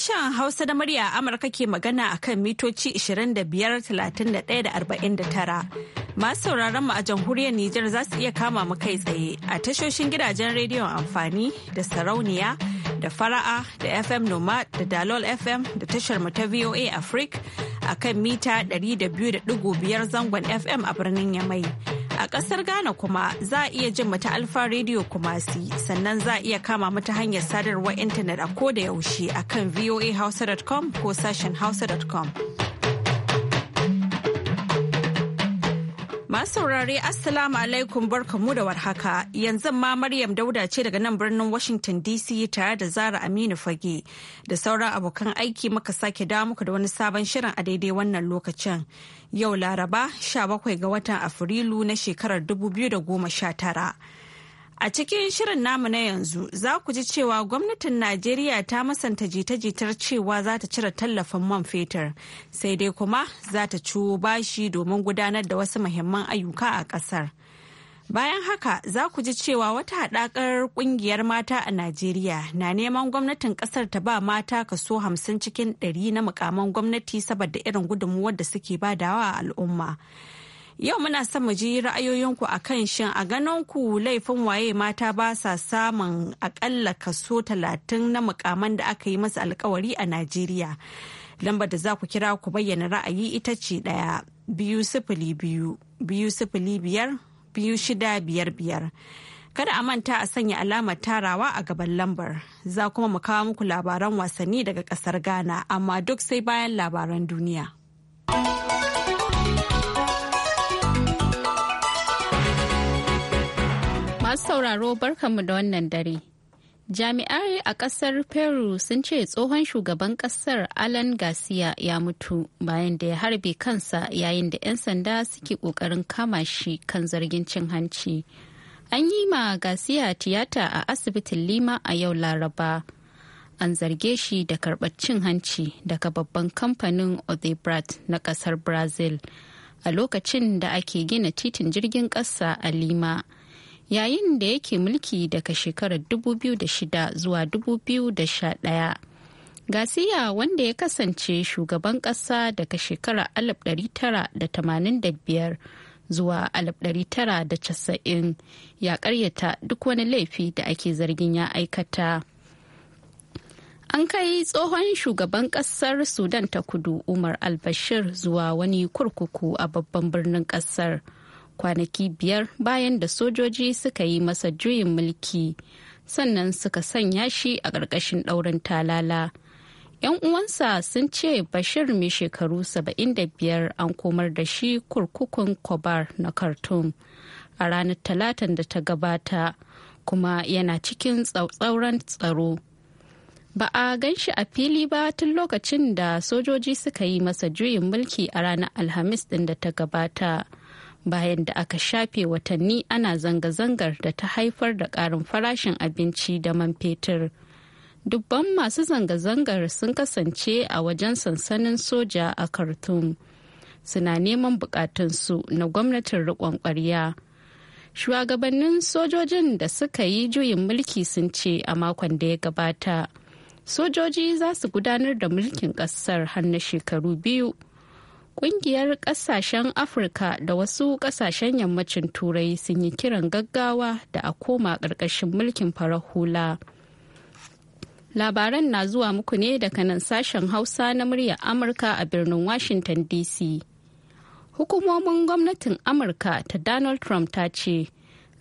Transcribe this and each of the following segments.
Sashen Hausa da murya Amurka ke magana a kan mitoci 25,31,49. Masu sauraron mu a jamhuriyar Nijar za su iya kama mu kai tsaye a tashoshin gidajen rediyon amfani da sarauniya da fara'a da FM nomad da Dalol FM da tashar mu ta VOA Africa a kan mita 200.5 zangon FM a birnin Yamai. A ƙasar Ghana kuma za a iya jin mata Alfa Radio Kumasi sannan za a iya kama mata hanyar sadarwar intanet a koda yaushe a kan voahausa.com ko sashen hausa.com. Masu saurare Assalamu alaikum barkamu da warhaka yanzu ma Maryam Dauda ce daga nan birnin Washington DC tare da Zara Aminu Fage da sauran abokan aiki muka sake dawo muku da wani sabon shirin a daidai wannan lokacin. Yau Laraba 17 ga watan Afrilu na shekarar 2019. A cikin shirin namu na yanzu za ku ji cewa gwamnatin Najeriya ta masanta jita-jitar cewa za ta cire tallafin man fetur sai dai kuma za ta ciwo bashi domin gudanar da wasu muhimman ayyuka a ƙasar. Bayan haka za ku ji cewa wata haɗakar ƙungiyar mata a Najeriya na neman gwamnatin ƙasar ta ba mata kaso hamsin cikin ɗari na mukaman gwamnati saboda irin gudunmuwar da suke badawa a al'umma. Yau muna son mu ji ra'ayoyinku a kan shin a ganin ku laifin waye mata ba sa samun akalla kaso talatin na mukaman da aka yi masa alkawari a Najeriya. Lambar da za ku kira ku bayyana ra'ayi ita ce ɗaya biyu sifili biyu biyu sifili biyar biyu shida biyar biyar. Kada a manta a sanya alamar tarawa a gaban lambar. Za kuma mu kawo muku labaran wasanni daga ƙasar Ghana amma duk sai bayan labaran duniya. Masu sauraro barkanmu da wannan dare. Jami'ai a ƙasar Peru sun ce tsohon shugaban ƙasar Alan Garcia ya mutu bayan da ya harbe kansa yayin da 'yan sanda suke ƙoƙarin kama shi kan zargin cin hanci. An yi ma Garcia tiyata a asibitin Lima a yau Laraba. An zarge shi da karɓar cin hanci daga babban kamfanin odebrat na ƙasar Brazil a lokacin da ake gina titin jirgin ƙasa a Lima. yayin da yake mulki daga shekarar 2006 zuwa 2011 gasiya wanda ya kasance shugaban ƙasa daga shekarar 1985 zuwa 1990 ya karyata duk wani laifi da ake zargin ya aikata. An kai tsohon shugaban kasar Sudan ta kudu Umar al zuwa wani kurkuku a babban birnin kasar. kwanaki biyar bayan da sojoji suka yi masa juyin mulki sannan suka sanya shi a ƙarƙashin ɗaurin talala. 'yan uwansa sun ce bashir mai shekaru biyar an komar da shi kurkukun kobar na khartoum a ranar talatin da ta gabata kuma yana cikin tsauran tsaro ba a gan shi a fili ba tun lokacin da sojoji suka yi masa juyin mulki a ranar alhamis ɗin da ta gabata bayan da aka shafe watanni ana zanga-zangar da ta haifar da ƙarin farashin abinci da man fetur. Dubban masu zanga-zangar sun kasance a wajen sansanin soja a Khartoum. Suna neman bukatunsu na gwamnatin riƙon ƙwarya. Shugabannin sojojin da suka yi juyin mulki sun ce a makon da ya gabata. Sojoji za su gudanar da mulkin ƙasar har na shekaru biyu. Ƙungiyar ƙasashen Afirka da wasu ƙasashen yammacin Turai sun yi kiran gaggawa da a koma ƙarƙashin mulkin farar hula. Labaran na zuwa muku ne daga nan sashen Hausa na muryar Amurka a birnin Washington DC. Hukumomin gwamnatin Amurka ta Donald Trump ta ce,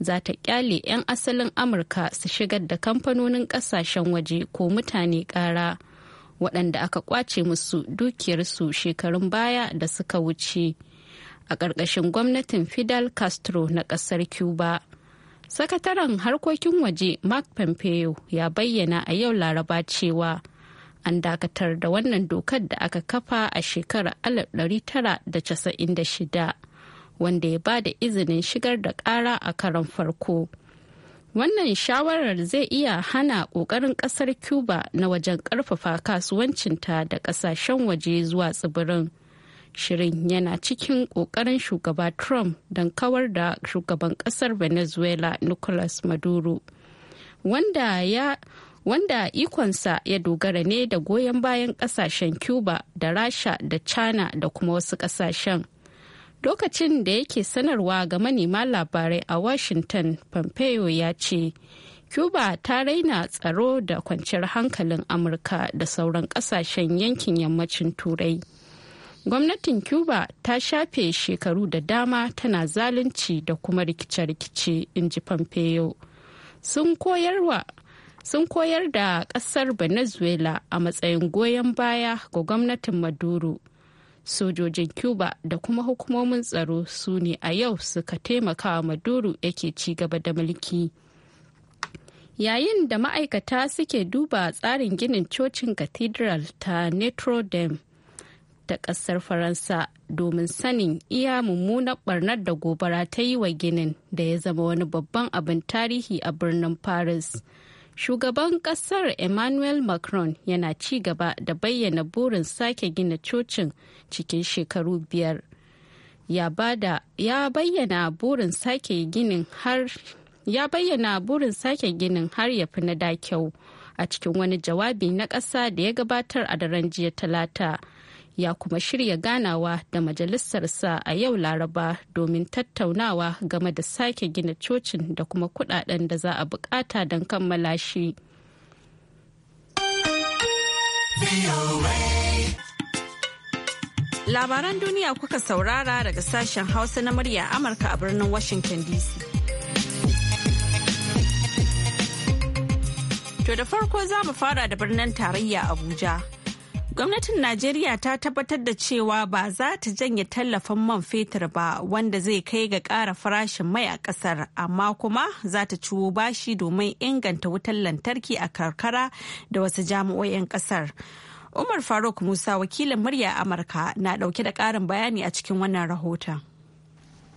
za ta kyale 'yan asalin amurka su shigar da kamfanonin kasashen waje ko mutane kara waɗanda aka kwace musu dukiyarsu shekarun baya da suka wuce a ƙarƙashin gwamnatin fidel castro na ƙasar cuba sakataren harkokin waje mark pompeo ya bayyana a yau laraba cewa an dakatar da wannan dokar da aka kafa a shekarar 1996 wanda ya ba da izinin shigar da ƙara a karon farko. Wannan shawarar zai iya hana ƙoƙarin ƙasar Cuba na wajen ƙarfafa kasuwancinta da ƙasashen waje zuwa tsibirin. Shirin yana cikin ƙoƙarin shugaba Trump don kawar da shugaban ƙasar Venezuela Nicolas Maduro, wanda ya wanda ikonsa ya dogara ne da goyon bayan kasashen Cuba da Rasha da China da kuma wasu kasashen. lokacin da yake sanarwa ga manema labarai a washington pompeo ya ce cuba ta raina tsaro da kwanciyar hankalin amurka da sauran kasashen yankin yammacin turai gwamnatin cuba ta shafe shekaru da dama tana zalunci da kuma rikice-rikice in ji pompeo sun sun koyar da kasar venezuela a matsayin goyon baya ga gwamnatin maduro sojojin cuba da kuma hukumomin tsaro su ne a yau suka taimaka maduro yake ci gaba da mulki yayin da ma'aikata suke duba tsarin ginin cocin cathedral ta notre dame ta kasar faransa domin sanin iya mummunar barnar da gobara ta yi wa ginin da ya zama wani babban abin tarihi a birnin paris shugaban kasar emmanuel macron yana ci gaba da bayyana burin sake gina cocin cikin shekaru biyar ya bayyana burin sake ginin har ya bayyana burin sake ginin har ya fi na da kyau a cikin wani jawabi na ƙasa da ya gabatar a daren jiya talata ya kuma shirya ganawa da majalisarsa a yau laraba domin tattaunawa game da sake gina cocin da kuma kudaden da za a bukata don kammala shi. Labaran duniya kuka saurara daga sashen Hausa na murya Amurka a birnin Washington DC. To da farko za mu fara da birnin tarayya Abuja. gwamnatin Najeriya ta tabbatar da cewa ba za ta janye tallafin man fetur ba wanda zai kai ga ƙara farashin mai a ƙasar, amma kuma za ta ciwo bashi domin inganta wutar lantarki a karkara da wasu jami'o'in ƙasar. Umar Faruk Musa wakilin murya Amurka na ɗauke da ƙarin bayani a cikin wannan rahoton.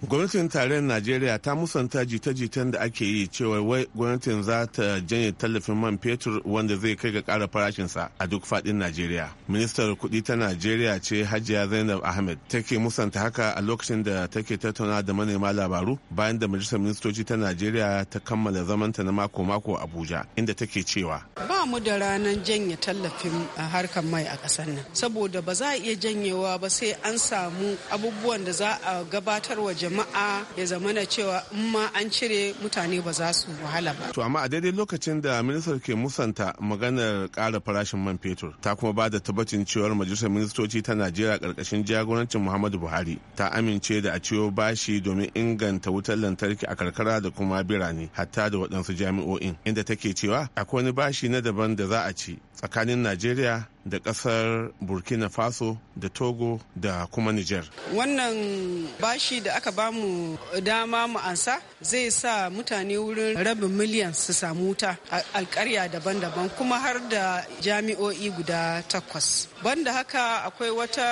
gwamnatin tarayyar najeriya ta musanta jita-jitan da ake yi cewa wai gwamnatin za ta janye tallafin man fetur wanda zai kai ga ƙara farashinsa a duk fadin najeriya ministar kudi ta najeriya ce hajiya zainab ahmed take musanta haka a lokacin da take tattauna da manema labaru bayan da majalisar ministoci ta najeriya ta kammala zamanta na mako-mako abuja inda take cewa ba mu da ranar janye tallafin harkar mai a kasar nan saboda ba za a iya janyewa ba sai an samu abubuwan da za a gabatar wa jama'a ya zamana cewa in ma an cire mutane ba za su wahala ba. To amma a daidai lokacin da ministar ke musanta maganar ƙara farashin man fetur ta kuma ba da tabbacin cewar majalisar ministoci ta Najeriya ƙarƙashin jagorancin Muhammadu Buhari ta amince da a ciwo bashi domin inganta wutar lantarki a karkara da kuma birane hatta da waɗansu jami'o'in inda take cewa akwai wani bashi na daban da za a ci tsakanin Najeriya da kasar burkina faso da togo da kuma niger wannan bashi da aka bamu dama mu ansa zai sa mutane wurin rabin miliyan su samu wuta a alkarya daban-daban kuma har da jami'o'i guda takwas banda haka akwai wata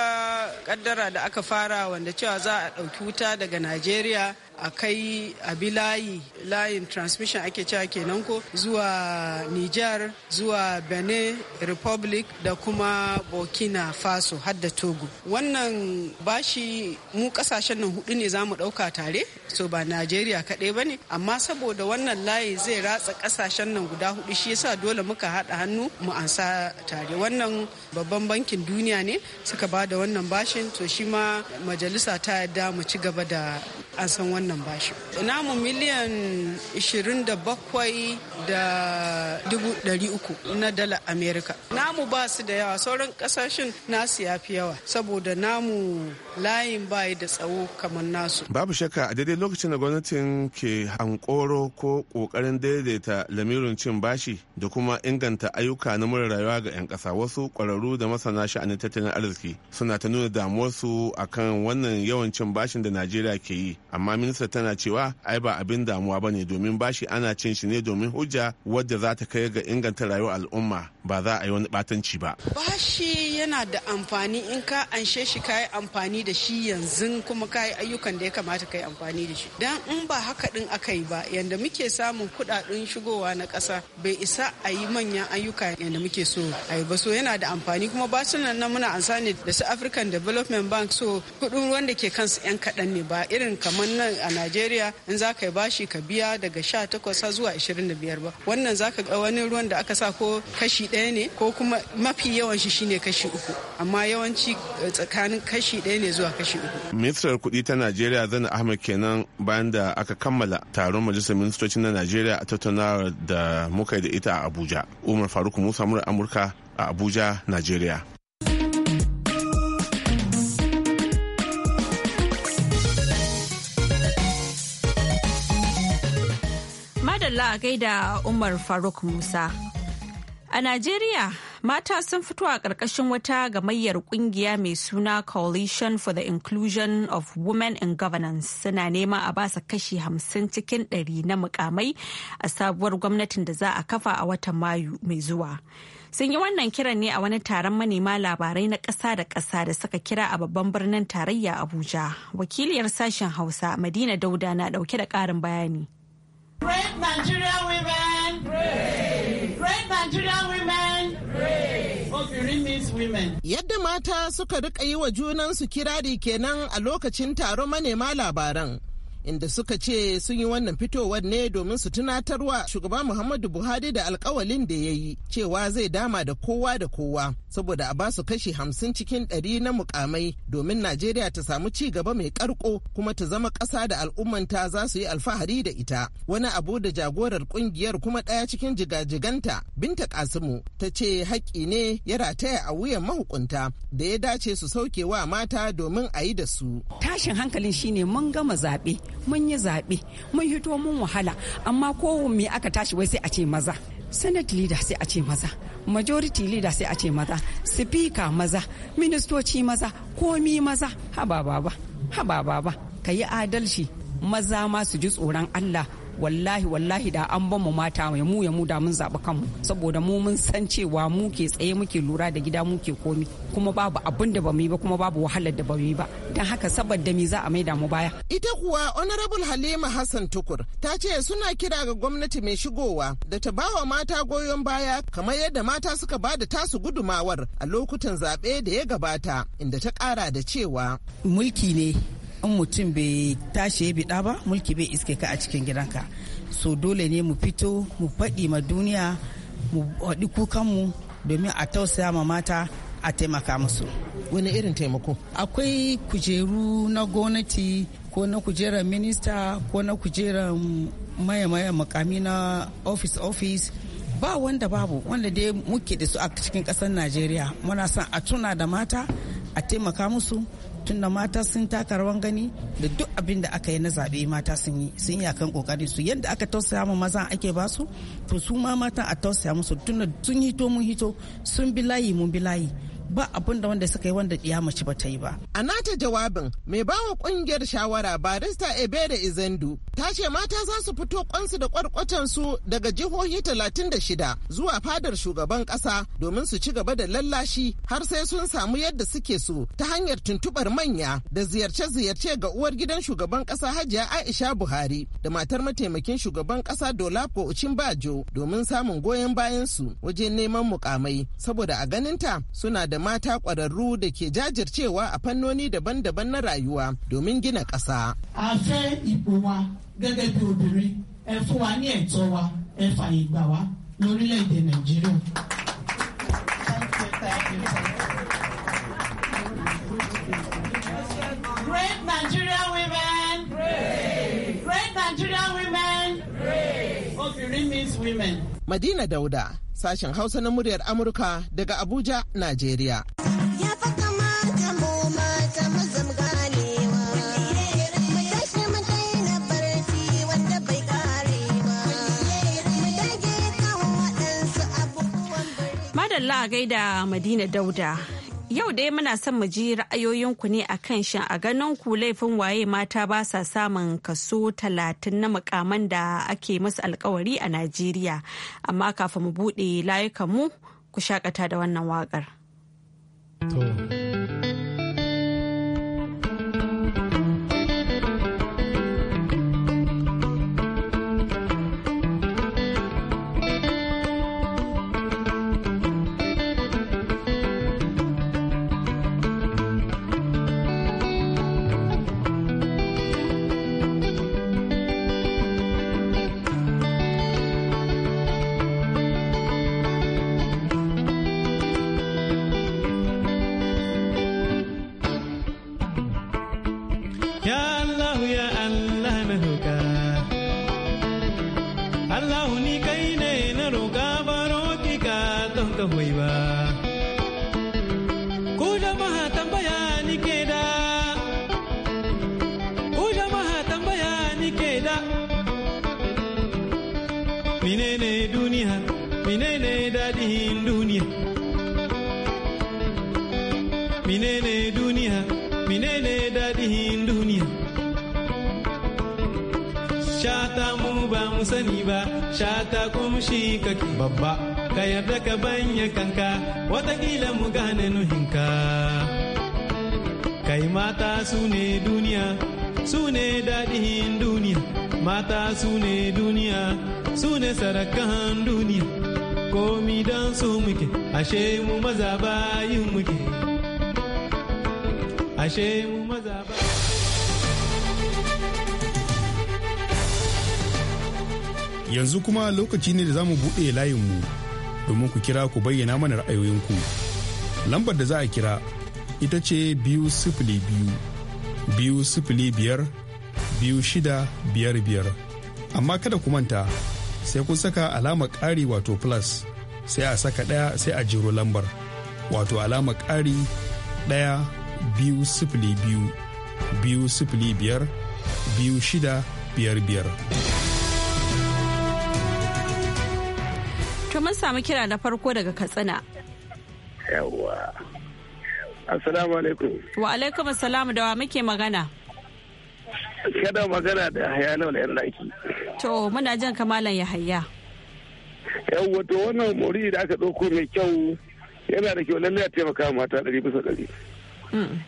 kaddara da aka fara wanda cewa za a ɗauki wuta daga najeriya a kai a bi layi layin transmission ake cewa kenan ko zuwa niger zuwa benin republic da kuma burkina faso har da togo wannan bashi mu kasashen nan hudu ne za mu ɗauka tare so ba nigeria kaɗai ba ne amma saboda wannan layi zai ratsa kasashen nan guda hudu shi yasa dole muka haɗa hannu mu ansa tare wannan babban bankin duniya ne suka ba da wannan bashin to shi ma majalisa ta yadda mu ci gaba da a san wannan bashi. Namu miliyan 27 da uku na dala Amerika. Namu ba su da yawa sauran kasashen nasu ya fi yawa saboda namu layin bayi da tsawo kamar nasu. Babu shakka a daidai lokacin da gwamnatin ke hankoro ko ƙoƙarin daidaita lamirin cin bashi da kuma inganta ayyuka na mura rayuwa ga 'yan kasa wasu kwararru da masana sha'anin tattalin arziki suna ta nuna damuwarsu akan wannan yawan cin bashin da Najeriya ke yi amma minista tana cewa ai ba abin damuwa ba ne domin bashi ana cin shi ne domin hujja wadda za ta kai ga inganta rayuwar al'umma ba za a yi wani batanci ba. Bashi yana da amfani in ka anshe shi ka yi amfani da shi yanzu kuma ka yi ayyukan da ya kamata ka yi amfani da shi dan in ba haka din aka yi ba yanda muke samun kudaden shigowa na kasa bai isa a yi manyan ayyuka yanda muke so a yi ba so yana da amfani kuma su nan muna ansa ne da su African Development Bank so kudin wanda ke kansu yan kaɗan ne ba irin kamar nan a nigeria in za ka yi bashi ka biya daga 18 zuwa 25 ba wannan za ka ga wani ruwan da aka sa ko kashi daya ne ko kuma mafi yawan shi shine kashi uku amma yawanci eh, tsakanin kashi ɗaya ne zuwa kashi uku. ministar kuɗi ta najeriya zana ahmed kenan bayan da aka kammala taron majalisar ministoci na najeriya a tattaunawar da muka da ita a abuja umar faruk musa mura amurka a abuja najeriya. Madalla gaida Umar Faruk Musa. A Najeriya, Mata sun fito a ƙarƙashin wata gamayyar ƙungiya mai suna Coalition for the Inclusion of Women in Governance suna nema a basa kashi hamsin cikin ɗari na mukamai a sabuwar gwamnatin da za a kafa a watan Mayu mai zuwa. Sun yi wannan kiran ne a wani taron manema labarai na ƙasa da ƙasa da suka kira a babban birnin tarayya Abuja. Wakiliyar sashen Hausa Madina Dauda na ɗauke da ƙarin bayani. Great Nigeria women! Great, Great Nigeria women! Yadda mata suka riƙa yi wa junansu kirari kenan a lokacin taro manema labaran. inda suka ce sun yi wannan fitowar ne domin su tunatarwa shugaba Muhammadu Buhari da alkawalin da ya yi cewa zai dama da kowa da kowa saboda a basu kashi hamsin cikin ɗari na mukamai domin Najeriya ta samu ci gaba mai karko kuma ta zama ƙasa da al'ummanta za su yi alfahari da ita. Wani abu da jagorar kungiyar kuma ɗaya cikin jigajiganta Binta Kasimu ta ce haƙƙi ne ya rataya a wuyan mahukunta da ya dace su sauke wa mata domin a yi da su. Tashin hankalin shine mun gama zaɓe mun yi zaɓe mun hito mun wahala amma ko me aka tashi wai sai a ce maza senate leader sai a ce maza majority leader sai a ce maza speaker maza ministoci maza komi maza haba baba haba ka yi adalci maza ma su ji tsoron allah wallahi wallahi da an ban mu mata ya mu ya mu da mun zaɓi kanmu saboda mu mun san cewa mu ke tsaye muke lura da gida mu ke komi kuma babu abin da ba mu yi ba kuma babu wahalar da ba mu yi ba don haka saboda me za a da mu baya. ita kuwa honorable halima hassan tukur ta ce suna kira ga gwamnati mai shigowa da ta ba wa mata goyon baya kamar yadda mata suka ba da tasu gudumawar a lokutan zaɓe da ya gabata inda ta ƙara da cewa. mulki ne in mutum bai tashi ya biɗa ba mulki bai iske ka a cikin gidanka so dole ne mu fito mu faɗi ma duniya mu haɗi kukanmu domin a tausaya ma mata a taimaka musu wani irin taimako akwai kujeru na gwamnati ko na kujerar minista ko na kujerar maya-maya makami na office office ba wanda babu wanda dai muke da su a cikin kasar najeriya muna son a tuna da mata a taimaka musu tunda mata sun taka rawan gani da duk abin da aka yi na zaɓe mata sun yi sun yi akan kokarin su yadda aka tausaya ma maza ake ba su to su ma mata a tausaya musu tunda sun hito mun hito sun bi layi mun bi layi ba abin da wanda suka yi wanda ɗiya mace ba ta yi ba. A nata jawabin mai bawa kungiyar shawara barista Ebere Izendu ta ce mata za su fito kwansu da kwarkwatansu daga jihohi 36 zuwa fadar shugaban ƙasa domin su ci gaba da lallashi har sai sun samu yadda suke so ta hanyar tuntubar manya da ziyarce-ziyarce ga uwar gidan shugaban ƙasa Hajiya Aisha Buhari da matar mataimakin shugaban ƙasa Dolapo bajo domin samun goyon bayan su wajen neman mukamai saboda a ganinta suna da mata kwararru da ke jajircewa a fannoni daban-daban na rayuwa domin gina ƙasa. a fẹ́ ipò wa gẹ́gẹ́ bí obìnrin ẹ fún wa ní ẹ̀tọ́ wa ẹ fàyè gbà wá lórílẹ̀‐èdè nàìjíríà. women. Madina Dauda, sashen Hausa na muryar Amurka daga Abuja, Najeriya. Madalla gaida Madina Dauda. Yau dai muna son mu ji ra'ayoyinku ne a kan shin a ganin ku laifin waye mata ba sa samun kaso talatin na mukaman da ake musu alkawari a Najeriya. Amma kafin mu buɗe layukanmu ku shakata da wannan waƙar. tarihin duniya menene duniya menene dadihin duniya shata mu ba mu sani ba shata kumshi kake babba ka yarda ka banya kanka watakila mu gane nuhinka kai mata su ne duniya su ne daɗin duniya mata su ne duniya su ne sarakan duniya komi don su muke ashe mu maza bayin muke ashe mu maza yanzu kuma lokaci ne da za mu buɗe layinmu domin ku kira ku bayyana mana ra'ayoyinku lambar da za a kira ita ce biyu sifili biyu biyu sifili biyar biyu shida biyar biyar amma kada ku manta sai kun saka alama ƙari wato plus sai a saka ɗaya sai a jiro lambar wato alama ƙari ɗaya biyu sifili biyu biyu sifili biyar biyu shida biyar biyar. To mun samu kira na farko daga Katsina. Yawwa. Assalamu alaikum. Wa alaikum assalamu da wa muke magana. Kada magana da Yahaya Lawal yan laki. To muna jan kamalan Yahaya. Yawwa to wannan mori da aka ɗauko mai kyau yana da kyau lallai a taimaka mata ɗari bisa ɗari. Mm.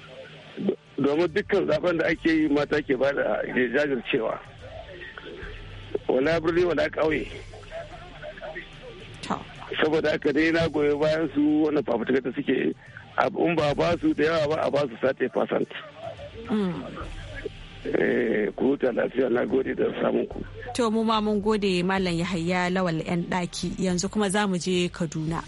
Domin dukkan zaben da ake yi mata ke ba da jajircewa. Wala birni wala ƙauye. Saboda haka dai na goyi bayan su wani fafutuka ta suke in ba ba su da yawa ba a ba su sate fasant. Eh, ku huta lafiya na gode da samunku. To mu ma mun gode Malam Yahaya Lawal 'yan ɗaki yanzu kuma za mu je Kaduna.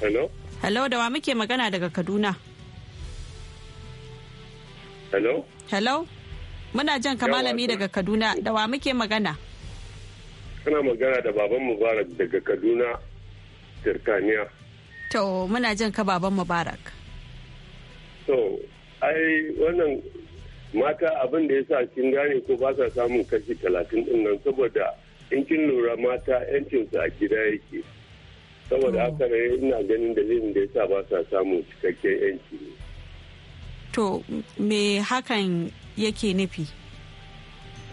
Hello? Hello da wa muke magana daga Kaduna? Hello? Hello? Muna jan ka malami daga Kaduna da wa muke magana? Kana magana da baban Mubarak daga Kaduna, Turkaniya. To muna jan ka baban Mubarak. To ai wannan mata abin da ya sa kin gane ko ba sa samun kashi talatin din nan saboda in kin lura mata yancinsu a gida yake saboda oh. haka ne ina ganin dalilin da ya sa ba sa samun cikakken yanci ne to me hakan yake nufi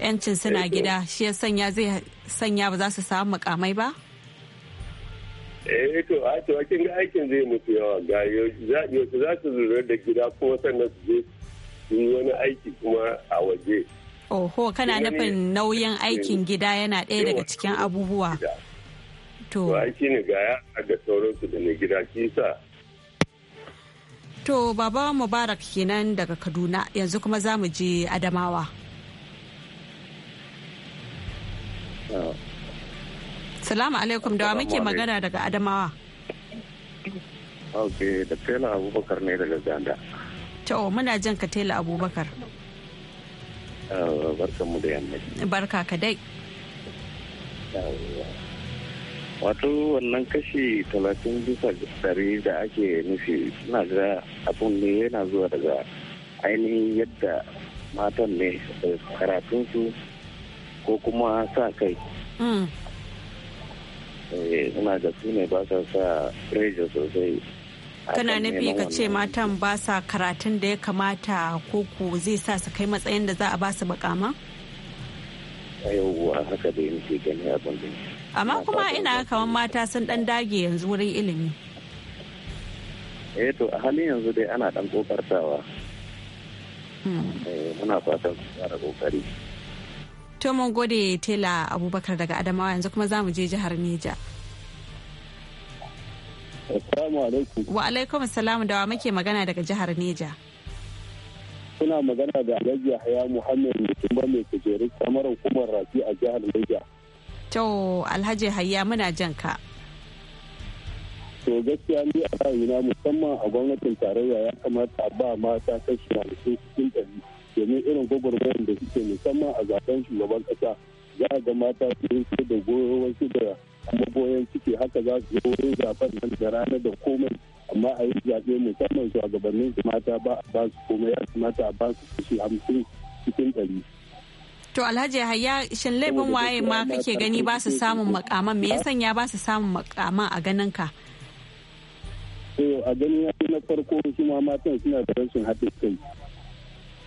yancin suna eh, gida shi ya sanya zai sanya ba za su samu makamai ba? eh to a to kin ga aikin zai mutu yawa ga yau za su lura da gida kuma sannan su je su yi wani aiki kuma a waje oho kana nufin nauyin aikin gida yana ɗaya daga cikin abubuwa to aiki ne ga ya da sauransu da na gida kisa to baba mubarak kenan daga kaduna yanzu kuma za mu je adamawa ah. Salamu alaikum da muke magana daga Adamawa. Ok, da Tela Abubakar ne daga Ganda. To, muna jan ka Tela Abubakar. Barka mu da yammaci. Barka ka dai. Wato wannan kashi talatin bisa dari da ake nufi suna ga abun ne yana zuwa daga ainihin yadda matan ne karatunsu ko kuma sa kai. Mm. suna eh, da su ne ba sa sa pressure sosai kana nufi ka ce matan ba sa karatun da ya kamata ko ku zai sa su kai matsayin da za a ba su bakama? yauwa haka da yin ke gani abin da amma kuma ina kawan mata sun dan dage yanzu wurin ilimi eh to a halin yanzu dai ana dan kokartawa hmm. eh, muna fatan su fara kokari to mun gode tela abubakar daga adamawa yanzu kuma za mu je jihar neja wa alaikum salamu dawa muke magana daga jihar neja suna magana da alhaji haya muhammad mutumba mai kujeru kamar hukumar rafi a jihar neja to alhaji haya muna jan ka to gaskiya ni a ra'ayina musamman a gwamnatin tarayya ya kamata a ba mata kashi na cikin ɗari domin irin gwagwarmayar da suke musamman a zaben shugaban kasa za a ga mata su yi da goyon su da goyon ciki haka za su yi zaben nan da rana da komai amma a yi zaɓe musamman gabanin su mata ba a ba su komai a mata a ba su kashi hamsin cikin ɗari. To Alhaji Yahaya shin laifin waye ma kake gani ba su samun makaman me ya sanya ba su samun makaman a ganin ka? a ganin na farko shi ma matan suna da rashin haɗin kai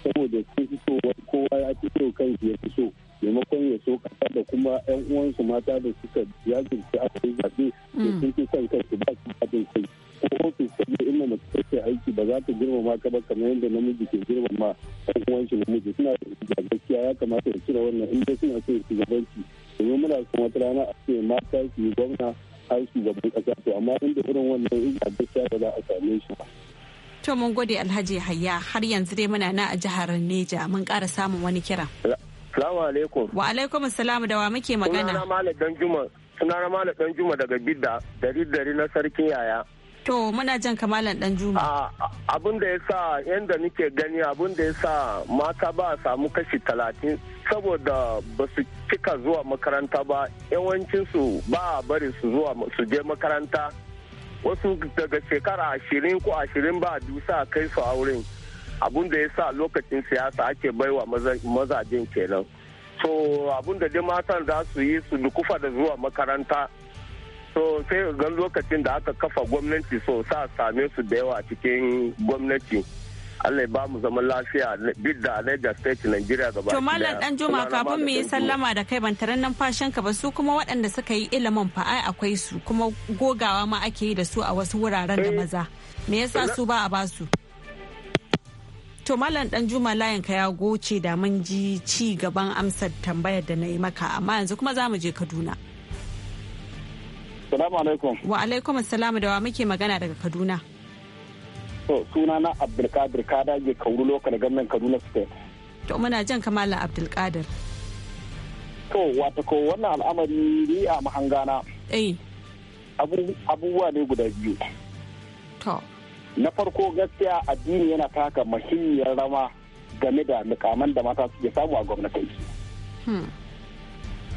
saboda sun fi so kowa ya fi so kan ya fi so maimakon ya so kasa da kuma yan uwansu mata da suka jajirce aka kai zaɓe da mm. sun fi son su ba su haɗin kai ko ofis ka in inda mace take aiki ba za ta girmama ka ba kamar yadda namiji ke girmama yan uwansu namiji suna da gaskiya ya kamata ya cire wannan in dai suna so shugabanci domin muna son wata rana a ce mata su yi gwamna har shugaban kasa to amma inda irin wannan in gaskiya ba za a same shi ba. To mun gode Alhaji Hayya har yanzu dai muna na a jihar Neja mun ƙara samun wani kira. Salamu alaikum. Wa alaikum salam da wa muke magana. Sunana Malam Danjuma. juma daga Bidda, dari dari na sarkin yaya. To muna jan kamalan dan juma. Abin da ya sa yadda nike gani abin da ya sa mata ba a samu kashi talatin saboda ba su cika zuwa makaranta ba yawancinsu ba a bari su zuwa su je makaranta wasu daga shekara ashirin ko ashirin ba dusa kai su auren abun da ya sa lokacin siyasa ake baiwa mazajen kenan so abun da matan za su yi su nukufa da zuwa makaranta so sai ga lokacin da aka kafa gwamnati so sa same su da yawa cikin gwamnati. Allah ba mu zaman lafiya bidda a Niger State Nigeria gaba. To Malam Dan Juma kafin mu yi sallama da kai ban taran numfashin ka ba su kuma waɗanda suka yi ilimin fa ai akwai su kuma gogawa ma ake yi da su a wasu wuraren da eh. maza. Me yasa su ba a ba su. To Malam Dan Juma layin ka ya goce da mun ji ci gaban amsar tambayar da na yi maka amma yanzu kuma za mu je Kaduna. Salamu alaikum. Wa alaikum assalamu da wa muke magana daga Kaduna. So sunana Abdulkadir ke Kauru Lokal Gwamnan Kaduna State. To muna jan kamala Abdulkadir. To wata ko wannan al'amari ni a mahangana. Eh. Abubuwa ne guda biyu. To. Na farko gaskiya addini yana taka muhimmiyar rama game da mukaman da mata suke samu a gwamnati. Hmm.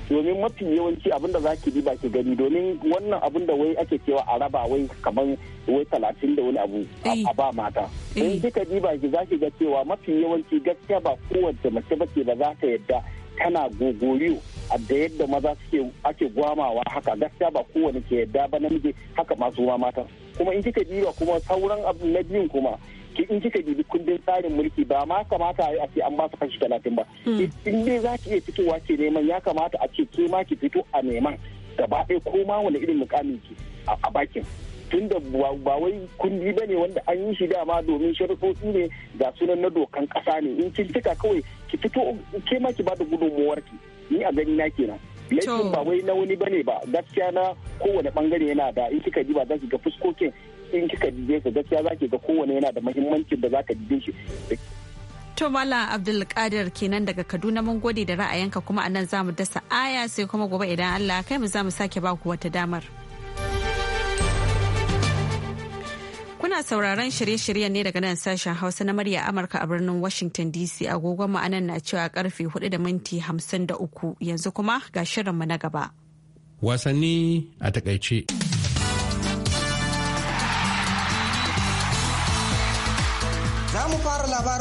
domin mafi yawanci abin da za ki bi ba ki gani domin wannan abin da wai ake cewa a raba wai kamar wai talatin da wani abu a eh. ba mata eh. in kika ji ba ki za ki ga cewa mafi yawanci gaskiya ba kowace mace ba ce ba za ta yadda tana gogoriyo da yadda maza suke ake gwamawa haka gaskiya ba kowane ke yadda ba namiji haka masu mata kuma in kika diba kuma sauran abu na biyun kuma in kika dubi kundin tsarin mulki ba ma kamata a ce an ba su kashi talatin ba hmm. in dai za ki iya fitowa ke neman ya kamata a ce ke ma ki fito a neman gaba ɗaya ko ma wani irin mukamin ki a bakin tunda ba wai kundi ba ne wanda an yi shi dama domin sharuɗoɗi ne ga sunan na dokan ƙasa ne in kin cika kawai ki fito ke ma ki bada gudunmuwar ki ni a gani na kenan laifin ba wai na wani bane ba gaskiya na kowane bangare yana da in kika ji ba za ki ga fuskokin in kika dije shi gaskiya zaki ga kowane yana da muhimmancin da za ka dije shi To Abdul Abdulkadir kenan daga Kaduna mun gode da ra'ayinka kuma anan za mu dasa aya sai kuma gobe idan Allah kai mu za mu sake ba ku wata damar. Kuna sauraron shirye-shiryen ne daga nan sashen Hausa na murya Amurka a birnin Washington DC agogon mu anan na cewa karfe 4 da minti 53 yanzu kuma ga shirinmu na gaba. Wasanni a takaice.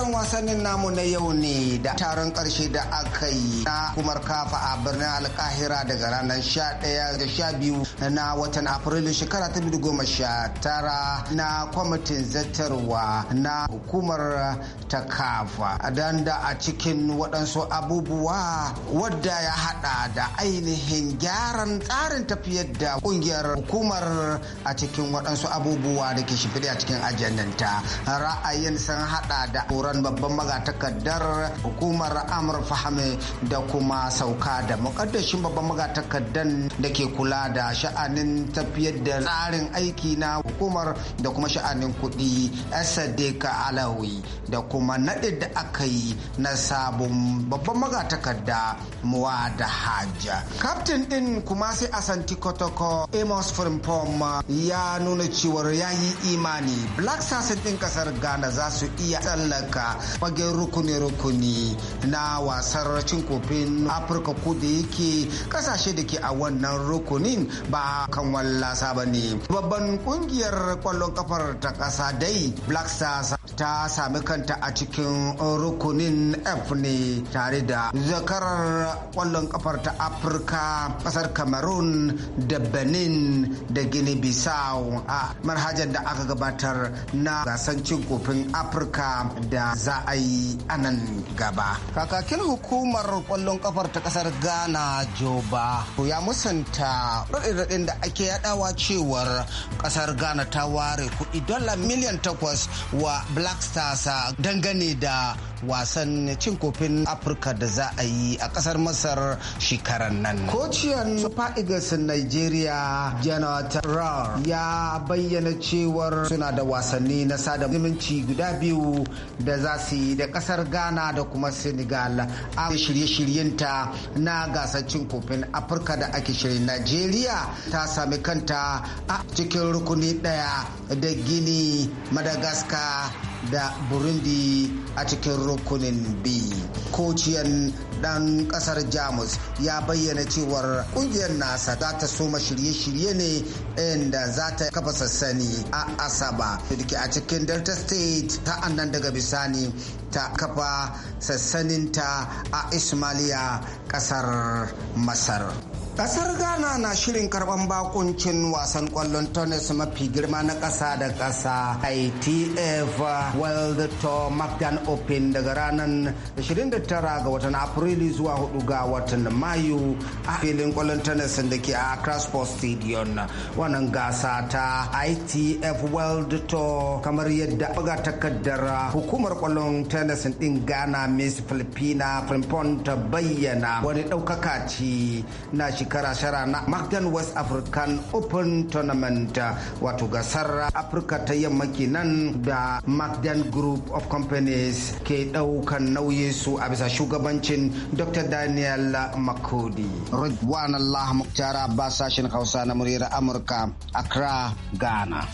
Shirin wasannin namu na yau ne da taron karshe da aka yi na kumar kafa a birnin alkahira daga ranar 11 da 12 na watan afrilu shekara ta 2019 na kwamitin zartarwa na hukumar ta kafa don da a cikin waɗansu abubuwa wadda ya haɗa da ainihin gyaran tsarin tafiyar da ƙungiyar hukumar a cikin waɗansu abubuwa da ke shimfiɗe a cikin ajandanta ra'ayin sun haɗa da horon babban magatakardar hukumar amur fahame da kuma sauka da makaddashin babban magatakardar da ke kula da sha'anin tafiyar da tsarin aiki na hukumar da kuma sha'anin kuɗi sadeka alawi da kuma naɗe da aka yi na sabon babban magatakarda muwa da hajja kaftin ɗin kuma sai asanti kotoko amos frimpom ya nuna cewar ya yi imani black stars ɗin ƙasar ghana za su iya tsallaka da rukuni-rukuni na wasar cin kofin afirka ko yake kasashe da ke a wannan rukunin ba kan wallasa ba ne babban kungiyar kwallon kafar ta kasa dai black stars ta sami kanta a cikin rukunin f ne tare da zakarar kwallon kafar ta afirka kasar cameroon da benin da guinea bissau a manhajar da aka gabatar na gasan cin kofin afirka da za a yi a nan gaba kakakin hukumar kwallon kafar ta kasar ghana joba ya musanta raɗe da ake yadawa cewar kasar ghana ta ware kuɗi dala miliyan takwas wa black stars dangane da wasan cin kofin afirka da za a yi a kasar masar shekaran nan kociyan super eagles nigeria jonathan ya bayyana cewar suna da wasanni na sada zumunci guda biyu da za su yi da kasar ghana da kuma senegal a shirye-shiryenta na gasar cin kofin afirka da ake shirin nigeria ta sami kanta a cikin rukuni daya da gini madagascar da burundi a cikin rukunin b kociyan dan kasar jamus ya bayyana cewar kungiyar nasa za ta soma shirye-shirye ne inda za ta kafa sassani a asaba da a cikin delta state ta annan daga bisani ta kafa sassaninta a isma'iliya kasar masar Kasar Ghana na shirin karban bakuncin wasan kwallon tennis mafi girma na kasa da kasa ITF World Tour Magdan Open daga ranar 29 ga watan Afrilu zuwa 4 ga watan Mayu a filin kwallon tennis da ke a Accra Sports Stadium. Wannan gasa ta ITF World Tour kamar yadda buga takardar hukumar kwallon tennis din Ghana Miss Filipina Frimpon ta bayyana wani ɗaukaka ce na shi shekara shara na Magdan West African Open Tournament wato gasar Afirka ta yamma kenan da Magdan Group of Companies ke daukan nauye su a bisa shugabancin Dr. Daniel Makodi. rajwan Allah Muktara ba sashen Hausa na muryar Amurka, Accra, Ghana.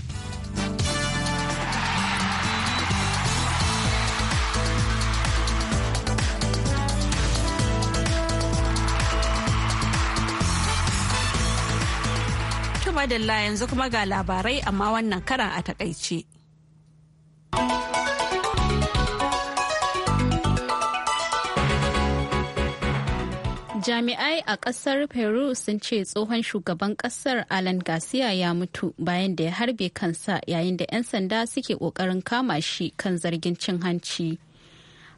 madalla yanzu kuma ga labarai amma wannan karan a takaice. jami'ai a kasar peru sun ce tsohon shugaban kasar alan garcia ya mutu bayan da ya harbe kansa yayin da 'yan sanda suke kokarin kama shi kan zargin cin hanci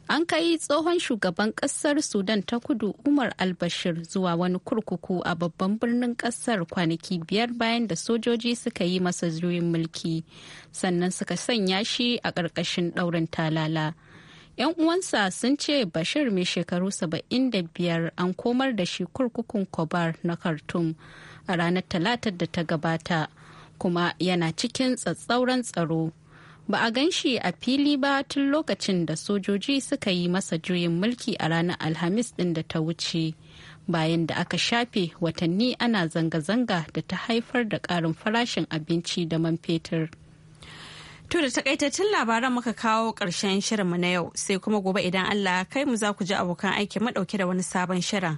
An kai tsohon shugaban kasar Sudan ta kudu Umar albashir zuwa wani kurkuku a babban birnin kasar kwanaki biyar bayan da sojoji suka yi masa juyin mulki sannan suka sanya shi a ƙarƙashin ɗaurin talala. 'yan uwansa sun ce bashir mai shekaru 75 an komar da shi kurkukun kobar na khartoum a ranar talatar da ta gabata kuma yana cikin tsatsauran tsaro ba a gan shi a fili ba tun lokacin da sojoji suka yi masa juyin mulki a ranar alhamis ɗin da ta wuce bayan da aka shafe watanni ana zanga-zanga da ta haifar da karin farashin abinci da man fetur. To da takaitaccen labaran muka kawo ƙarshen mu na yau sai kuma gobe idan Allah kai mu za ku ji abokan aiki maɗauke da wani sabon shirin.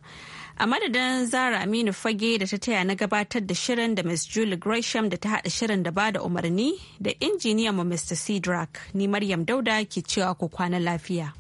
A madadin Zara Aminu Fage da ta taya na gabatar da shirin da Miss Julie Gresham da ta haɗa shirin da ba da umarni da injiniyan mu Mr. Cedric ni Maryam Dauda ke cewa ku kwana lafiya.